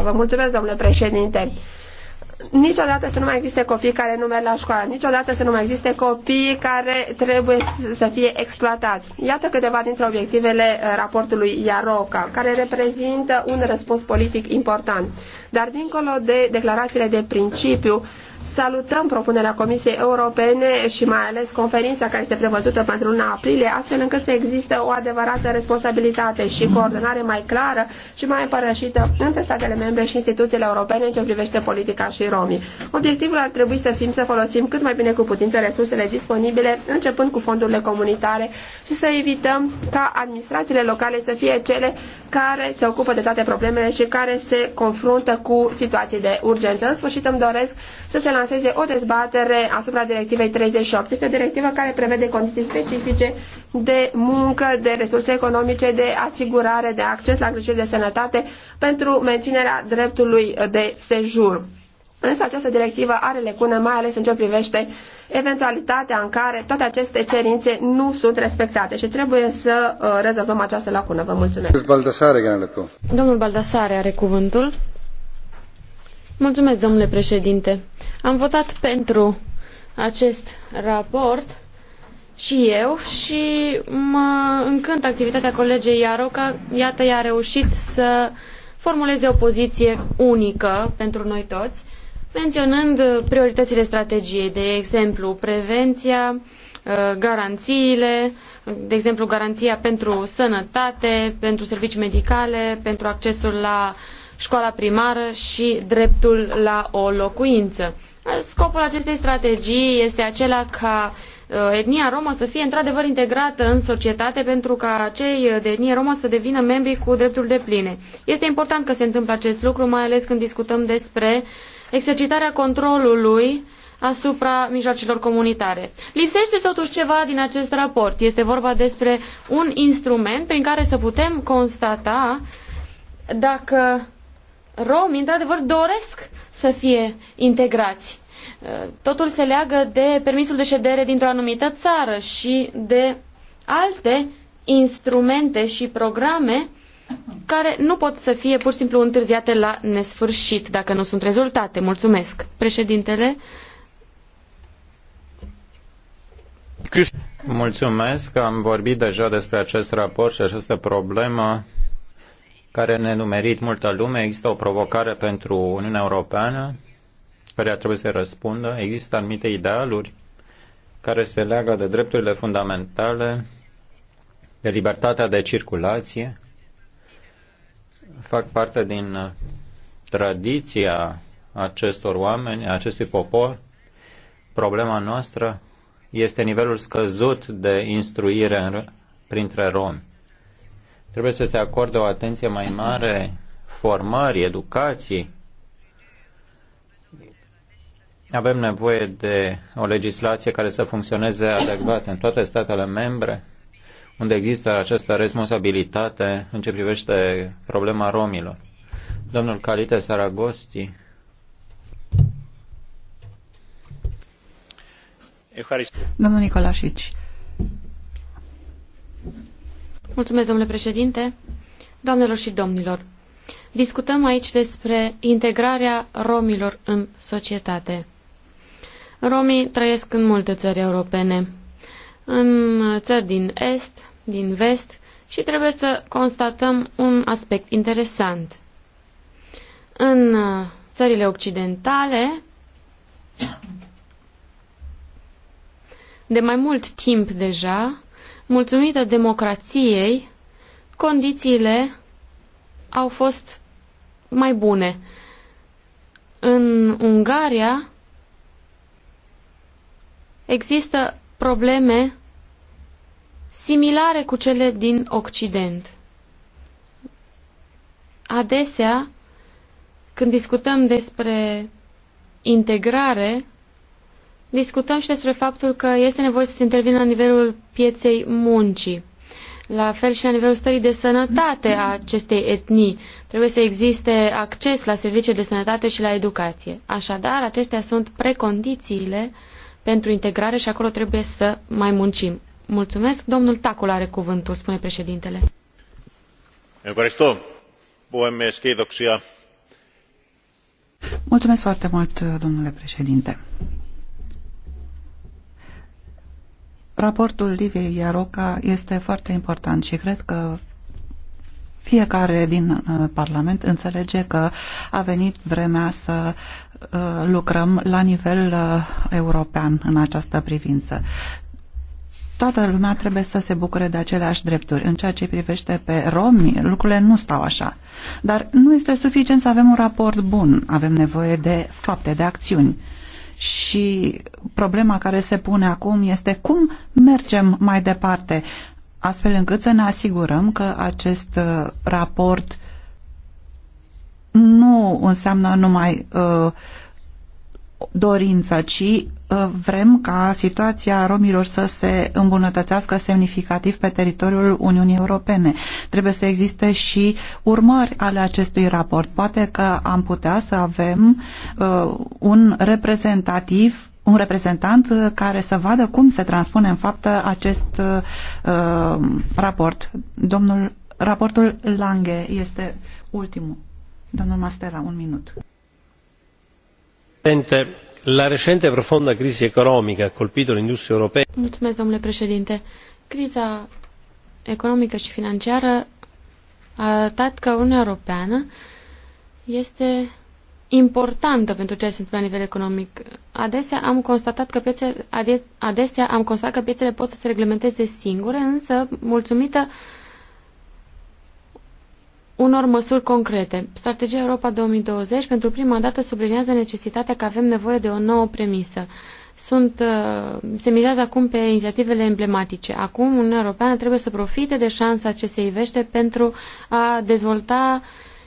Vă mulțumesc, domnule președinte niciodată să nu mai existe copii care nu merg la școală, niciodată să nu mai existe copii care trebuie să fie exploatați. Iată câteva dintre obiectivele uh, raportului Iaroca, care reprezintă un răspuns politic important. Dar dincolo de declarațiile de principiu, Salutăm propunerea Comisiei Europene și mai ales conferința care este prevăzută pentru luna aprilie, astfel încât să existe o adevărată responsabilitate și coordonare mai clară și mai împărășită între statele membre și instituțiile europene în ce privește politica și romii. Obiectivul ar trebui să fim să folosim cât mai bine cu putință resursele disponibile, începând cu fondurile comunitare și să evităm ca administrațiile locale să fie cele care se ocupă de toate problemele și care se confruntă cu situații de urgență. În sfârșit îmi doresc să se lanseze o dezbatere asupra directivei 38. Este o directivă care prevede condiții specifice de muncă, de resurse economice, de asigurare, de acces la îngrijiri de sănătate pentru menținerea dreptului de sejur. Însă această directivă are lecune, mai ales în ce privește eventualitatea în care toate aceste cerințe nu sunt respectate și trebuie să uh, rezolvăm această lacună. Vă mulțumesc. Domnul Baldasare are cuvântul. Mulțumesc, domnule președinte. Am votat pentru acest raport și eu și mă încântă activitatea colegei Iaroca. Iată, ea a reușit să formuleze o poziție unică pentru noi toți, menționând prioritățile strategiei, de exemplu, prevenția, uh, garanțiile, de exemplu, garanția pentru sănătate, pentru servicii medicale, pentru accesul la școala primară și dreptul la o locuință. Scopul acestei strategii este acela ca uh, etnia romă să fie într-adevăr integrată în societate pentru ca cei de etnie romă să devină membri cu drepturi de pline. Este important că se întâmplă acest lucru, mai ales când discutăm despre exercitarea controlului asupra mijloacelor comunitare. Lipsește totuși ceva din acest raport. Este vorba despre un instrument prin care să putem constata dacă romi, într-adevăr, doresc să fie integrați. Uh, totul se leagă de permisul de ședere dintr-o anumită țară și de alte instrumente și programe care nu pot să fie pur și simplu întârziate la nesfârșit dacă nu sunt rezultate. Mulțumesc. Președintele. Mulțumesc că am vorbit deja despre acest raport și această problemă care ne numerit multă lume. Există o provocare pentru Uniunea Europeană care trebuie să răspundă. Există anumite idealuri care se leagă de drepturile fundamentale, de libertatea de circulație. Fac parte din tradiția acestor oameni, acestui popor. Problema noastră este nivelul scăzut de instruire printre romi Trebuie să se acorde o atenție mai mare formării, educației. Avem nevoie de o legislație care să funcționeze adecvat în toate statele membre, unde există această responsabilitate în ce privește problema romilor. Domnul Calite Saragosti. Domnul Nicolașici, Mulțumesc, domnule președinte. și domnilor, discutăm aici despre integrarea romilor în societate. Romii trăiesc în multe țări europene, în țări din est, din vest și trebuie să constatăm un aspect interesant. În uh, țările occidentale, de mai mult timp deja, mulțumită democrației, condițiile au fost mai bune. În Ungaria există probleme similare cu cele din Occident. Adesea, când discutăm despre integrare, discutăm și despre faptul că este nevoie să se intervină la nivelul pieței muncii, la fel și la nivelul stării de sănătate a acestei etnii. Trebuie să existe acces la servicii de sănătate și la educație. Așadar, acestea sunt precondițiile pentru integrare și acolo trebuie să mai muncim. Mulțumesc. Domnul Tacul are cuvântul, spune președintele. Mulțumesc foarte mult, domnule președinte. Raportul Liviei Iaroca este foarte important și cred că fiecare din uh, Parlament înțelege că a venit vremea să uh, lucrăm la nivel uh, european în această privință. Toată lumea trebuie să se bucure de aceleași drepturi. În ceea ce privește pe romi, lucrurile nu stau așa. Dar nu este suficient să avem un raport bun. Avem nevoie de fapte, de acțiuni și problema care se pune acum este cum mergem mai departe, astfel încât să ne asigurăm că acest uh, raport nu înseamnă numai uh, dorință, ci ă, vrem ca situația romilor să se îmbunătățească semnificativ pe teritoriul Uniunii Europene. Trebuie să existe și urmări ale acestui raport. Poate că am putea să avem uh, un reprezentativ un reprezentant ă, care să vadă cum se transpune în fapt acest uh, raport. Domnul, raportul Lange este ultimul. Domnul Mastera, un minut la recente profondă crisi economică a colpito l'industria europea. Mulțumesc, domnule președinte. Criza economică și financiară a arătat că Uniunea Europeană este importantă pentru ceea ce se întâmplă la nivel economic. Adesea am constatat că piețele, adesea am constatat că piețele pot să se reglementeze singure, însă mulțumită unor măsuri concrete. Strategia Europa 2020 pentru prima dată sublinează necesitatea că avem nevoie de o nouă premisă. Sunt, uh, se mizează acum pe inițiativele emblematice. Acum Uniunea Europeană trebuie să profite de șansa ce se ivește pentru a dezvolta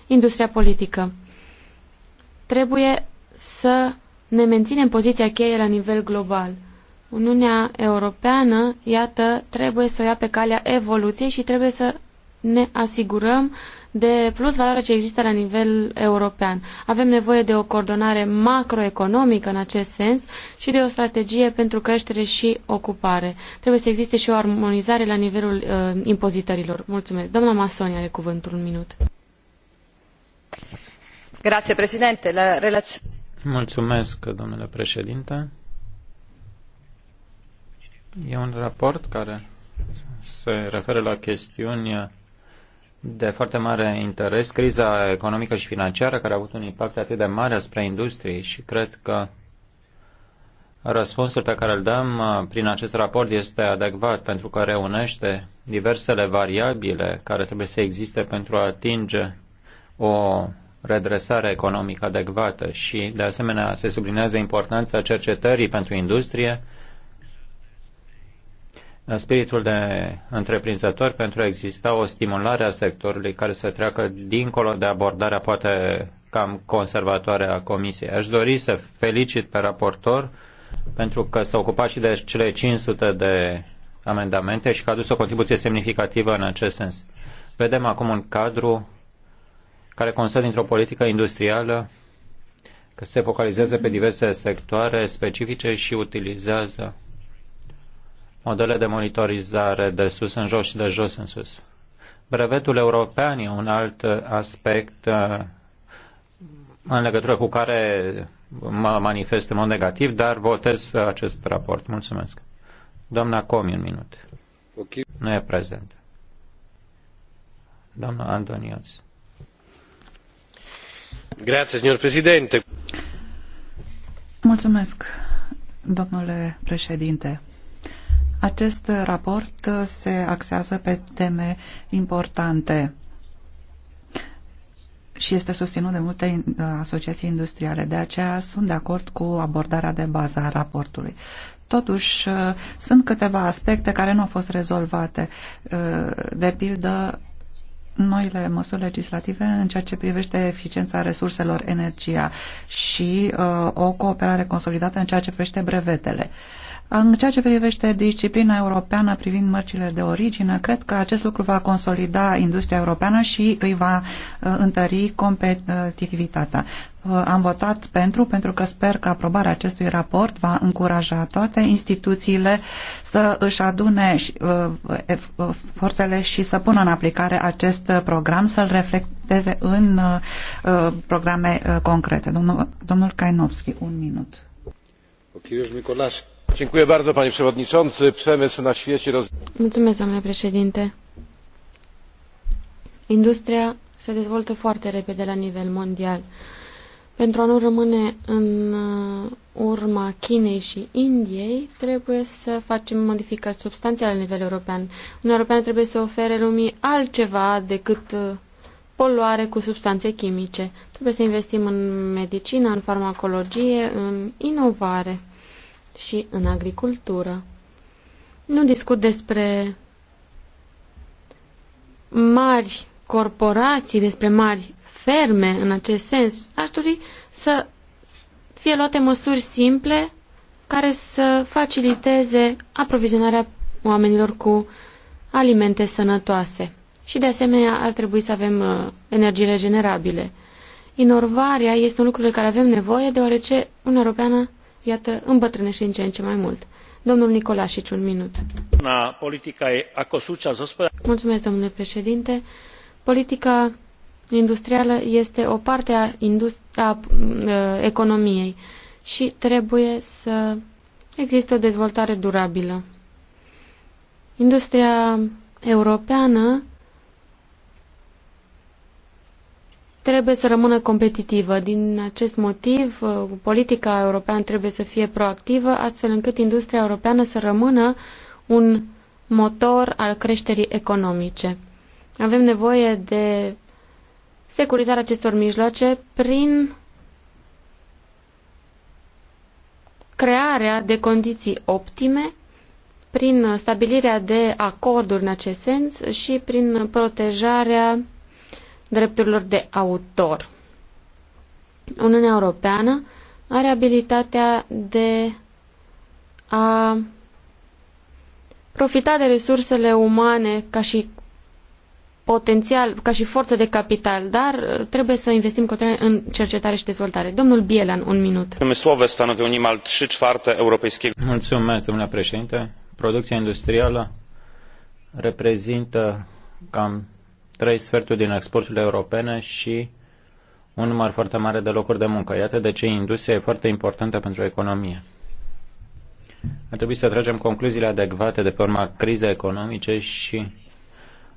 industria politică. Trebuie să ne menținem poziția cheie la nivel global. Uniunea Europeană, iată, trebuie să o ia pe calea evoluției și trebuie să ne asigurăm de plus valoare ce există la nivel european. Avem nevoie de o coordonare macroeconomică în acest sens și de o strategie pentru creștere și ocupare. Trebuie să existe și o armonizare la nivelul uh, impozitărilor. Mulțumesc. Doamna Masoni are cuvântul un minut. Grazie, președinte. La relaț- Mulțumesc, domnule președinte. E un raport care se referă la chestiunea de foarte mare interes criza economică și financiară care a avut un impact atât de mare asupra industriei și cred că răspunsul pe care îl dăm uh, prin acest raport este adecvat pentru că reunește diversele variabile care trebuie să existe pentru a atinge o redresare economică adecvată și, de asemenea, se sublinează importanța cercetării pentru industrie, spiritul de întreprinzător pentru a exista o stimulare a sectorului care să treacă dincolo de abordarea poate cam conservatoare a Comisiei. Aș dori să felicit pe raportor pentru că s-a ocupat și de cele 500 de amendamente și că a adus o contribuție semnificativă în acest sens. Vedem acum un cadru care constă dintr-o politică industrială că se focalizează pe diverse sectoare specifice și utilizează modele de monitorizare de sus în jos și de jos în sus. Brevetul european e un alt aspect uh, în legătură cu care mă manifest în mod negativ, dar votez acest raport. Mulțumesc. Doamna Comi, un minut. Okay. Nu e prezent. Doamna Antonioți. Grazie, signor Presidente. Mulțumesc, domnule președinte. Acest raport se axează pe teme importante și este susținut de multe uh, asociații industriale. De aceea sunt de acord cu abordarea de bază a raportului. Totuși, uh, sunt câteva aspecte care nu au fost rezolvate. Uh, de pildă, noile măsuri legislative în ceea ce privește eficiența resurselor energia și o cooperare consolidată în ceea ce privește brevetele. În ceea ce privește disciplina europeană privind mărcile de origine, cred că acest lucru va consolida industria europeană și îi va uh, întări competitivitatea. Uh, am votat pentru, pentru că sper că aprobarea acestui raport va încuraja toate instituțiile să își adune uh, forțele și să pună în aplicare acest program, să-l reflecteze în programe concrete. Domnul, domnul Kainovski, un minut. O, domnule președinte industria se dezvoltă foarte repede la nivel mondial. Pentru a nu rămâne în uh, urma Chinei și Indiei, trebuie să facem modificări substanțiale la nivel european. Uniunea Europeană trebuie să ofere lumii altceva decât uh, poluare cu substanțe chimice. Trebuie să investim în medicină, în farmacologie, în inovare și în agricultură. Nu discut despre mari corporații, despre mari ferme în acest sens. Ar trebui să fie luate măsuri simple care să faciliteze aprovizionarea oamenilor cu alimente sănătoase. Și de asemenea ar trebui să avem uh, energii regenerabile. Inorvarea este un lucru de care avem nevoie deoarece Uniunea Europeană iată, îmbătrânește din ce în ce mai mult. Domnul Nicolașici, un minut. Mulțumesc, domnule președinte. Politica industrială este o parte a, a economiei și trebuie să existe o dezvoltare durabilă. Industria europeană trebuie să rămână competitivă. Din acest motiv, uh, politica europeană trebuie să fie proactivă, astfel încât industria europeană să rămână un motor al creșterii economice. Avem nevoie de securizarea acestor mijloace prin crearea de condiții optime, prin stabilirea de acorduri în acest sens și prin protejarea drepturilor de autor. Uniunea Europeană are abilitatea de a profita de resursele umane ca și potențial, ca și forță de capital, dar trebuie să investim în cercetare și dezvoltare. Domnul Bielan, un minut. Mulțumesc, domnule președinte. Producția industrială reprezintă cam trei sferturi din exporturile europene și un număr foarte mare de locuri de muncă. Iată de ce industria e foarte importantă pentru economie. Ar trebui să tragem concluziile adecvate de pe urma crizei economice și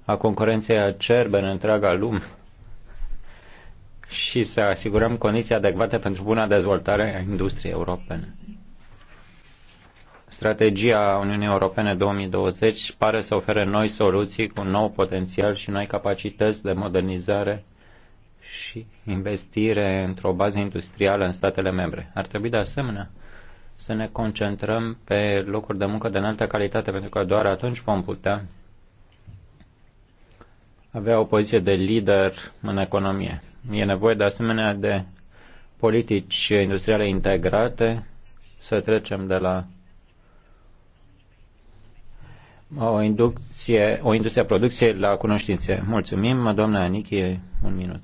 a concurenței acerbe în întreaga lume și să asigurăm condiții adecvate pentru buna dezvoltare a industriei europene. Strategia Uniunii Europene 2020 pare să ofere noi soluții cu nou potențial și noi capacități de modernizare și investire într-o bază industrială în statele membre. Ar trebui de asemenea să ne concentrăm pe locuri de muncă de înaltă calitate, pentru că doar atunci vom putea avea o poziție de lider în economie. E nevoie de asemenea de politici industriale integrate, să trecem de la o, inducție, o inducție a producției la cunoștințe. Mulțumim, doamna Anichie, un minut.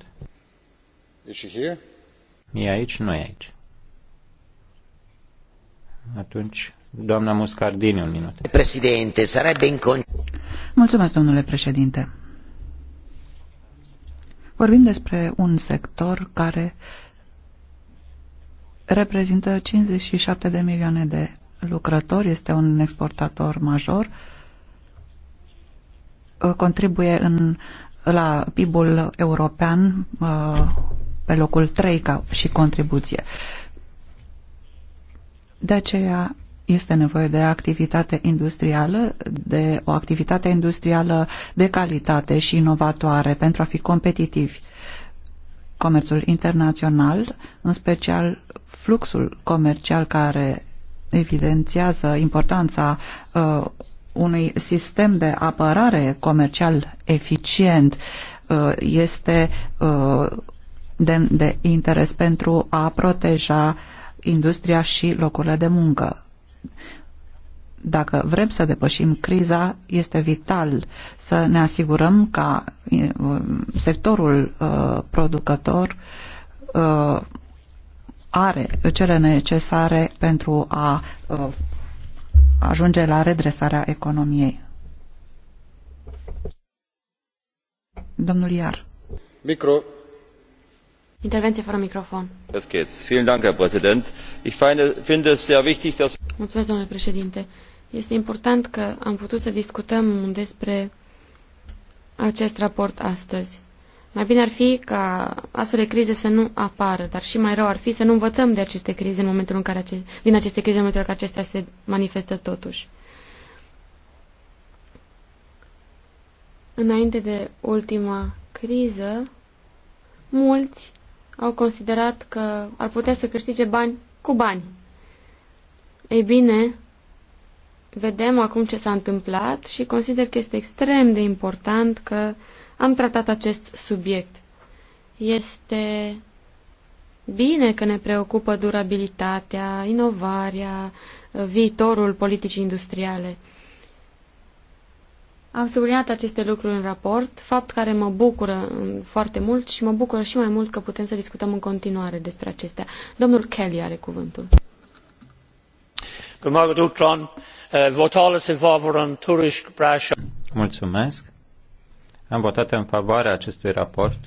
Is she here? E aici? Nu e aici. Atunci, doamna Muscardini, un minut. Președinte, sarebbe incon... Mulțumesc, domnule președinte. Vorbim despre un sector care reprezintă 57 de milioane de lucrători, este un exportator major, Uh, contribuie în, la PIB-ul european uh, pe locul 3 ca și contribuție. De aceea este nevoie de activitate industrială, de o activitate industrială de calitate și inovatoare pentru a fi competitivi. Comerțul internațional, în special fluxul comercial care evidențiază importanța uh, unui sistem de apărare comercial eficient uh, este uh, de, de interes pentru a proteja industria și locurile de muncă. Dacă vrem să depășim criza, este vital să ne asigurăm ca uh, sectorul producător are cele necesare pentru a ajunge la redresarea economiei. Domnul Iar. Micro. Intervenție fără microfon. Mulțumesc, domnule președinte. Este important că am putut să discutăm despre acest raport astăzi. Mai bine ar fi ca astfel de crize să nu apară, dar și mai rău ar fi să nu învățăm de aceste crize în momentul în care ace- din aceste crize în momentul în care acestea se manifestă totuși. Înainte de ultima criză, mulți au considerat că ar putea să câștige bani cu bani. Ei bine, vedem acum ce s-a întâmplat și consider că este extrem de important că am tratat acest subiect. Este bine că ne preocupă durabilitatea, inovarea, viitorul politicii industriale. Am subliniat aceste lucruri în raport, fapt care mă bucură foarte mult și mă bucură și mai mult că putem să discutăm în continuare despre acestea. Domnul Kelly are cuvântul. Uh, Mulțumesc. Am votat în favoarea acestui raport.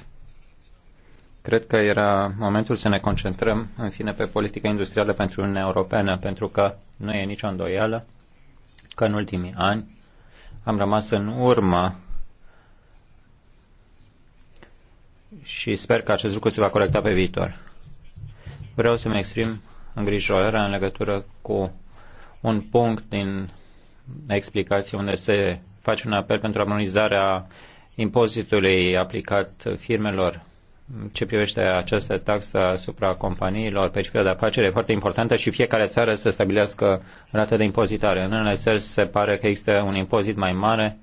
Cred că era momentul să ne concentrăm, în fine, pe politica industrială pentru Uniunea Europeană, pentru că nu e nicio îndoială că în ultimii ani am rămas în urmă și sper că acest lucru se va corecta pe viitor. Vreau să-mi exprim îngrijorarea în legătură cu un punct din explicație unde se face un apel pentru armonizarea impozitului aplicat firmelor ce privește această taxă asupra companiilor pe cifra de afacere e foarte importantă și fiecare țară să stabilească rata de impozitare. În unele țări se pare că există un impozit mai mare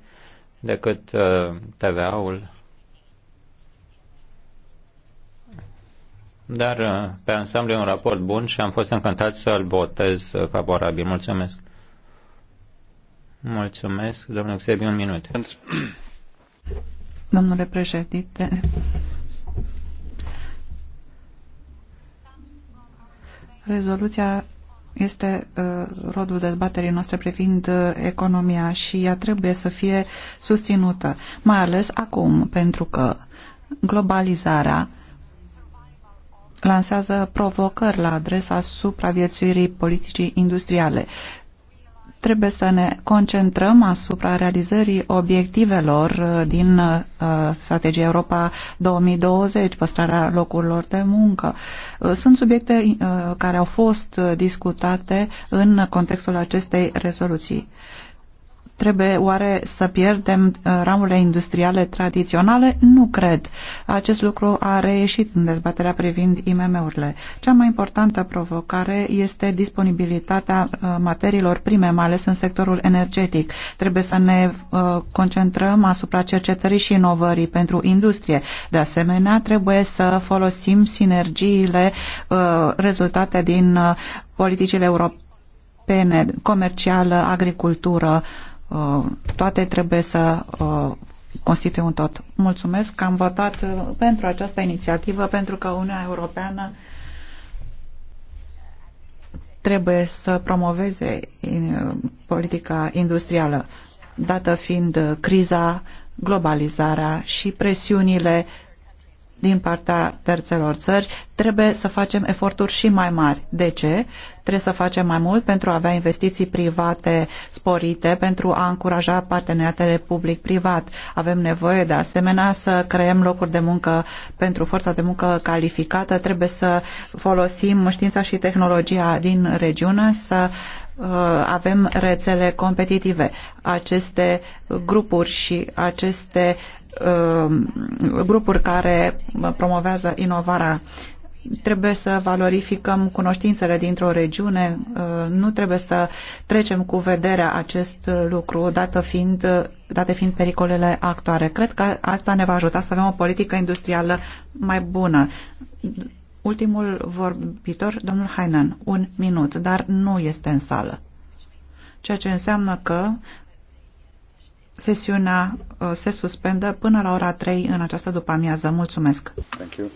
decât uh, TVA-ul. Dar uh, pe ansamblu e un raport bun și am fost încântat să-l votez favorabil. Mulțumesc. Mulțumesc, domnule Xebi, un minut. Domnule președinte, rezoluția este uh, rodul dezbaterii noastre privind uh, economia și ea trebuie să fie susținută, mai ales acum, pentru că globalizarea lansează provocări la adresa supraviețuirii politicii industriale Trebuie să ne concentrăm asupra realizării obiectivelor uh, din uh, strategia Europa 2020, păstrarea locurilor de muncă. Uh, sunt subiecte care au fost discutate în contextul acestei rezoluții. Trebuie oare să pierdem uh, ramurile industriale tradiționale? Nu cred. Acest lucru a reieșit în dezbaterea privind IMM-urile. Cea mai importantă provocare este disponibilitatea uh, materiilor prime, mai ales în sectorul energetic. Trebuie să ne uh, concentrăm asupra cercetării și inovării pentru industrie. De asemenea, trebuie să folosim sinergiile rezultate din politicile europene, comercială, agricultură, Uh, toate trebuie să uh, constituie un tot. Mulțumesc că am votat uh, pentru această inițiativă pentru că Uniunea Europeană trebuie să promoveze politica industrială, dată fiind criza, globalizarea și presiunile din partea terțelor țări, trebuie să facem eforturi și mai mari. De ce? Trebuie să facem mai mult pentru a avea investiții private sporite, pentru a încuraja parteneriatele public-privat. Avem nevoie de asemenea să creăm locuri de muncă pentru forța de muncă calificată, trebuie să folosim știința și tehnologia din regiune, să Uh, avem rețele competitive. Aceste grupuri și aceste uh, grupuri care promovează inovarea trebuie să valorificăm cunoștințele dintr-o regiune, uh, nu trebuie să trecem cu vederea acest lucru, dată fiind, date fiind pericolele actuale Cred că asta ne va ajuta să avem o politică industrială mai bună. Ultimul vorbitor, domnul Hainan, un minut, dar nu este în sală. Ceea ce înseamnă că sesiunea uh, se suspendă până la ora 3 în această după amiază. Mulțumesc! Thank you.